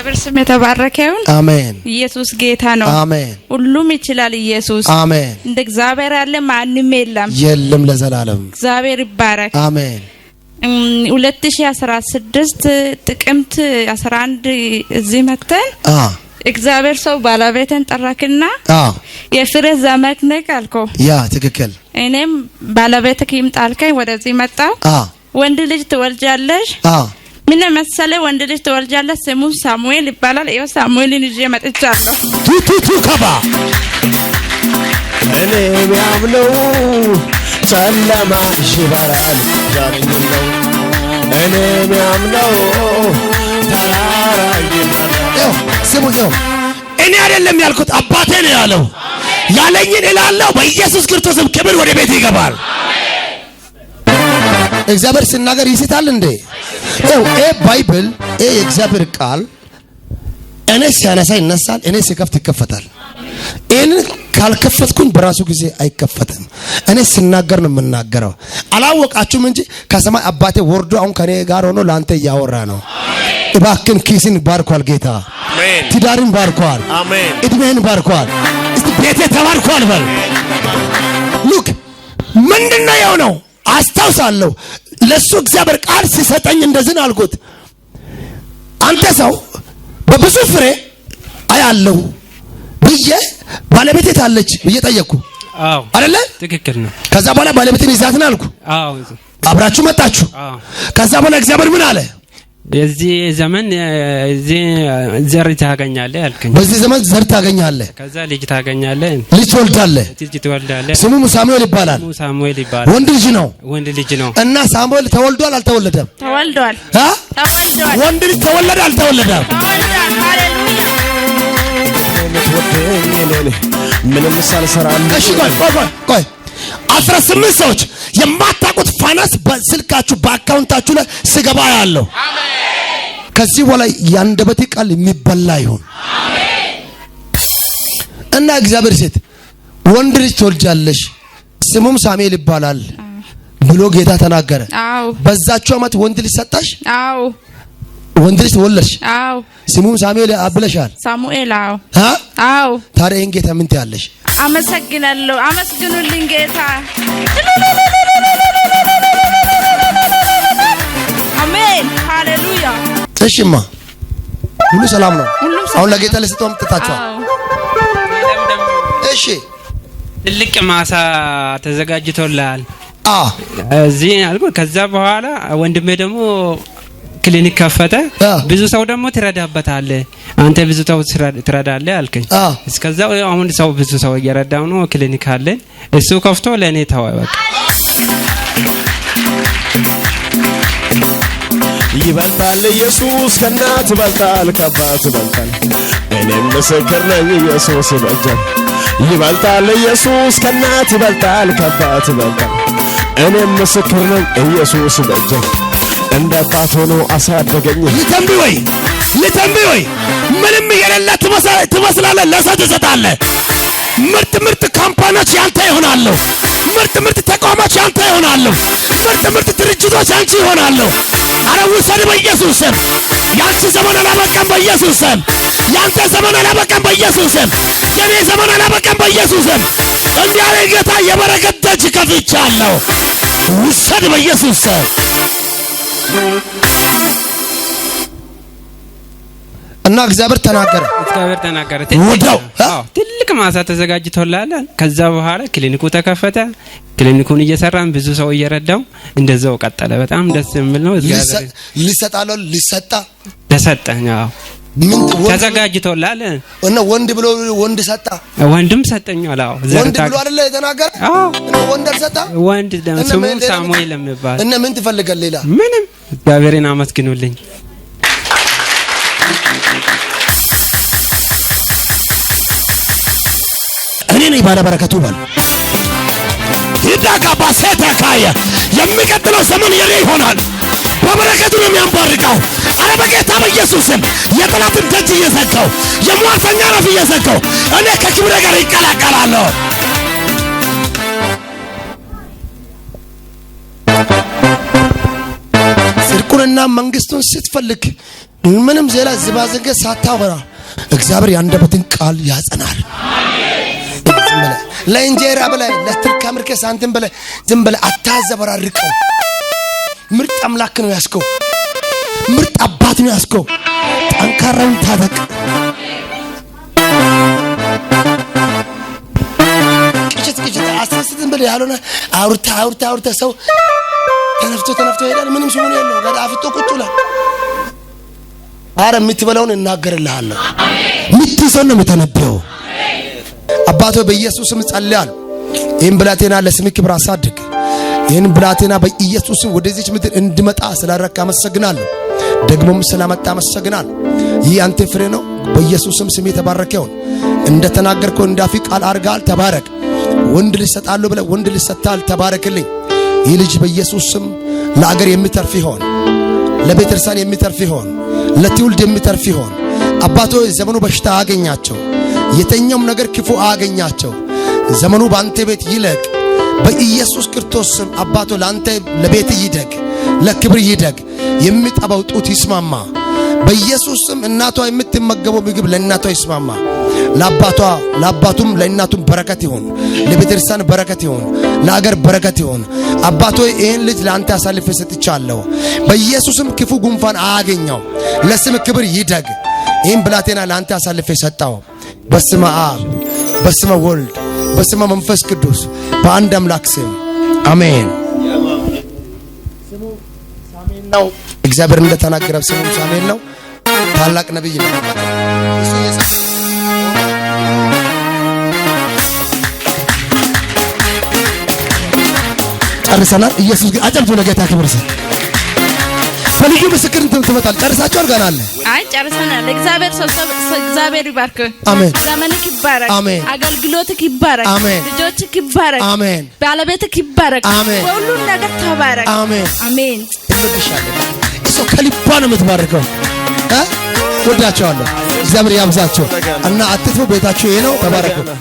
እግዚአብሔር ስም የተባረከ ይሁን። አሜን። ኢየሱስ ጌታ ነው። አሜን። ሁሉም ይችላል ኢየሱስ። አሜን። እንደ እግዚአብሔር ያለ ማንም የለም የለም። ለዘላለም እግዚአብሔር ይባረክ። አሜን። 2016 ጥቅምት 11 እዚህ መተን እግዚአብሔር ሰው ባለቤትን ጠራክና የፍሬ ዘመን ነህ አልከው። ያ ትክክል። እኔም ባለቤትህ ይምጣ አልከኝ። ወደዚህ መጣሁ። ወንድ ልጅ ትወልጃለሽ ምን መሰለ ወንድ ልጅ ተወልጃለ ስሙ ሳሙኤል ይባላል። ይኸው ሳሙኤልን ይዤ መጥቻለሁ። ቱቱቱ ከባ እኔ ያምነው ጨለማ ይሽበራል ዛሬኝ እኔ ያምነው ተራራ ይሽበራል። ስሙ ነው እኔ አይደለም ያልኩት አባቴ ነው ያለው። ያለኝን እላለሁ። በኢየሱስ ክርስቶስም ክብር ወደ ቤት ይገባል። እግዚአብሔር ሲናገር ይስታል እንዴ? ኤ ይሄ ባይብል ይሄ የእግዚአብሔር ቃል እኔ ሲያነሳ ይነሳል፣ እኔ ሲከፍት ይከፈታል። ይህንን ካልከፈትኩኝ በራሱ ጊዜ አይከፈትም። እኔ ስናገር ነው የምናገረው። አላወቃችሁም እንጂ ከሰማይ አባቴ ወርዶ አሁን ከኔ ጋር ሆኖ ለአንተ እያወራ ነው። እባክን ኪስን ባርኳል ጌታ፣ ትዳርን ባርኳል፣ እድሜህን ባርኳል፣ ቤቴ ተባርኳል በል ሉክ ምንድን ነው የሆነው? አስታውሳለሁ። ለእሱ እግዚአብሔር ቃል ሲሰጠኝ እንደዝን አልኩት፣ አንተ ሰው በብዙ ፍሬ አያለሁ ብዬ ባለቤት የታለች ብዬ ጠየቅኩ። አይደለ? ትክክል ነው። ከዛ በኋላ ባለቤትን ይዛትን አልኩ። አብራችሁ መጣችሁ። ከዛ በኋላ እግዚአብሔር ምን አለ? የዚህ ዘመን እዚህ ዘር ታገኛለህ አልከኝ። በዚህ ዘመን ዘር ታገኛለህ፣ ከዛ ልጅ ታገኛለህ፣ ልጅ ትወልዳለህ፣ ልጅ ትወልዳለህ። ስሙ ሳሙኤል ይባላል። ሳሙኤል ይባላል። ወንድ ልጅ ነው፣ ወንድ ልጅ ነው። እና ሳሙኤል ተወልዷል አልተወለደም? ተወልዷል። ተወልዷል። ወንድ ልጅ ተወለደ አልተወለደም? ተወልዷል። ሃሌሉያ። ምንም ሳልሰራ እሺ። ቆይ ቆይ ቆይ፣ 18 ሰዎች የማታውቁት ፋይናንስ በስልካችሁ በአካውንታችሁ ላይ ስገባ ያለው ከዚህ በላይ የአንደበቴ ቃል የሚበላ ይሁን እና እግዚአብሔር ሴት ወንድ ልጅ ትወልጃለሽ ስሙም ሳሙኤል ይባላል ብሎ ጌታ ተናገረ። በዛችሁ አመት ወንድ ልጅ ሰጣሽ። አዎ ወንድ ልጅ ወለድሽ። አዎ ስሙም ሳሙኤል አብለሻል። ሳሙኤል አዎ። አዎ ታዲያ ጌታ ምን ትያለሽ? አመሰግናለሁ። አመስግኑልኝ ጌታ አሜን ሃሌሉያ። እሺማ ሁሉ ሰላም ነው። አሁን ለጌታ ለስጠው አምጥታችኋል። እሺ ትልቅ ማሳ ተዘጋጅቶላል እዚህ አልኩህ። ከዛ በኋላ ወንድሜ ደግሞ ክሊኒክ ከፈተ። ብዙ ሰው ደግሞ ትረዳበታለህ አንተ ብዙ ሰው ትረዳለህ አልከኝ። እስከዛ አሁን ሰው ብዙ ሰው እየረዳው ነው። ክሊኒክ አለን እሱ ከፍቶ ለእኔ ተወ በቃ ይበልጣል ኢየሱስ ከእናት ይበልጣል ከአባት ይበልጣል። እኔም ምስክር ነኝ ኢየሱስ ይበልጣል። ይበልጣል ኢየሱስ ከእናት ይበልጣል ከአባት ይበልጣል። እኔም ምስክር ነኝ ኢየሱስ ይበልጣል። እንደ አባት ሆኖ አሳደገኝ። ልተንቢ ወይ ልተንቢ ወይ ምንም የሌለ ትመስላለህ፣ ለሰው ትሰጣለህ። ምርጥ ምርጥ ካምፓኒዎች ያንተ ይሆናለሁ። ትምህርት ትምህርት ተቋማት ያንተ ይሆናሉ። ትምህርት ትምህርት ድርጅቶች አንቺ ይሆናሉ። አረ ውሰድ በኢየሱስ ስም። ያንቺ ዘመን አላበቀም በኢየሱስ ስም። ያንተ ዘመን አላበቀም በኢየሱስ ስም። የኔ ዘመን አላበቀም በኢየሱስ ስም። እንዲህ ያለ ጌታ የበረከት ደጅ ከፍቻለሁ። ውሰድ በኢየሱስ ስም። እና እግዚአብሔር ተናገረ። እግዚአብሔር ተናገረ። ውደው ትልቅ ማሳ ተዘጋጅቶላለ ከዛ በኋላ ክሊኒኩ ተከፈተ። ክሊኒኩን እየሰራን ብዙ ሰው እየረዳው እንደዛው ቀጠለ። በጣም ደስ የሚል ነው። እግዚአብሔር ሊሰጣለ ሊሰጣ ተሰጠ። አዎ ተዘጋጅቶላል እና ወንድ ብሎ ወንድ ሰጣ፣ ወንድም ሰጠኝ አለ። ወንድ ብሎ አይደለ የተናገረ? አዎ ወንድ አልሰጣ። ወንድ ደም ስሙ ሳሙኤል የሚባል እና ምን ትፈልጋለህ ሌላ ምንም። እግዚአብሔርን አመስግኑልኝ። ነኝ ባለበረከቱ በል። ሂዳካ ባሴታ ካየ የሚቀጥለው ዘመን የኔ ይሆናል። በበረከቱ ነው የሚያንባርቀው። አረ በጌታ በኢየሱስም የጠላትን ደጅ እየዘጋው የሟርተኛ ረፍ እየዘጋው እኔ ከክብረ ጋር ይቀላቀላለሁ። ጽድቁንና መንግስቱን ስትፈልግ ምንም ዜላ ዝባዝንገ ሳታወራ እግዚአብሔር ያንደበትን ቃል ያጸናል። ዝም ብለህ ለእንጀራ ብለህ ለትርካ ምርከ ሳንቲም ብለህ ዝም ብለህ አታዘበራርቀው። ምርጥ አምላክ ነው ያስከው፣ ምርጥ አባት ነው ያስከው። ጠንካራውን ታጠቅ። ቅጭት ቅጭት አስተስትም ብለህ ያልሆነ አውርታ አውርታ አውርታ ሰው ተነፍቶ ተነፍቶ ይሄዳል። ምንም ሲሆን የለው ጋር አፍጦ ቁጭ ብሏል። አረ የምትበላውን እናገርልሃለሁ። ምትይዘው ነው የምተነበየው አባቶ በኢየሱስም ጸልያለሁ። ይህን ብላቴና ለስምህ ክብር አሳድግ። ይህን ብላቴና በኢየሱስም ወደዚች ምድር እንድመጣ ስላረካ አመሰግናለሁ። ደግሞም ስላመጣ አመሰግናለሁ። ይህ አንተ ፍሬ ነው። በኢየሱስም ስም የተባረከ ይሁን። እንደ ተናገርከው እንዳፊ ቃል አድርገሃል። ተባረክ። ወንድ ልጅ ሰጣለሁ ብለህ ወንድ ልጅ ሰጥተሃል። ተባረክልኝ። ይህ ልጅ በኢየሱስም ለአገር የሚተርፍ ይሆን፣ ለቤተክርስቲያን የሚተርፍ ይሆን፣ ለትውልድ የሚተርፍ ይሆን። አባቶ ዘመኑ በሽታ አገኛቸው የተኛውም ነገር ክፉ አገኛቸው ዘመኑ በአንተ ቤት ይለቅ በኢየሱስ ክርስቶስ ስም። አባቶ ለአንተ ለቤት ይደግ፣ ለክብር ይደግ። የሚጠባው ጡት ይስማማ በኢየሱስ ስም። እናቷ የምትመገበው ምግብ ለእናቷ ይስማማ። ለአባቷ ለአባቱም ለእናቱም በረከት ይሆን፣ ለቤተክርስቲያን በረከት ይሆን፣ ለአገር በረከት ይሆን። አባቶ ይህን ልጅ ለአንተ አሳልፌ ሰጥቻለሁ። በኢየሱስም ክፉ ጉንፋን አያገኘው። ለስም ክብር ይደግ። ይህን ብላቴና ለአንተ አሳልፌ ሰጠው። በስመ አብ በስመ ወልድ በስመ መንፈስ ቅዱስ በአንድ አምላክ ስም አሜን። ነው። እግዚአብሔር እንደተናገረ ስሙ ሳሙኤል ነው። ታላቅ ነቢይ ነው። ጨርሰናል። ኢየሱስ ግን አጨምቶ ለጌታ ክብር በልዩ ምስክር ትመጣል። ጨርሳችኋል? ገና አለ። አይ ጨርሰናል። እግዚአብሔር ሰብሰብ እግዚአብሔር ይባርክ። አሜን። ዘመንክ ይባረክ። አሜን። አገልግሎትክ ይባረክ። አሜን። ልጆችክ ይባረክ። አሜን። ባለቤትክ ይባረክ። አሜን። በሁሉ ነገር ተባረክ። አሜን። አሜን። ትልብሻለህ። እሱ ከልባ ነው የምትባርከው። እ ወዳቸዋለሁ። እግዚአብሔር ያብዛቸው እና አትጥፉ። ቤታቸው ይሄ ነው። ተባረኩ።